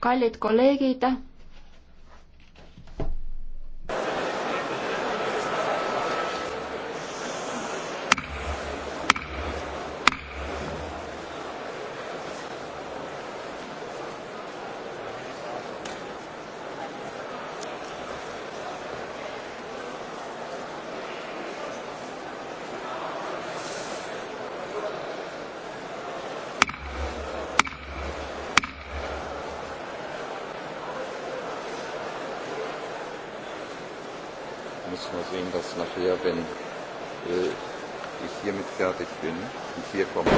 kallid kolleegid muss nur sehen, dass nachher, wenn äh, ich hiermit fertig bin, und hier kommt.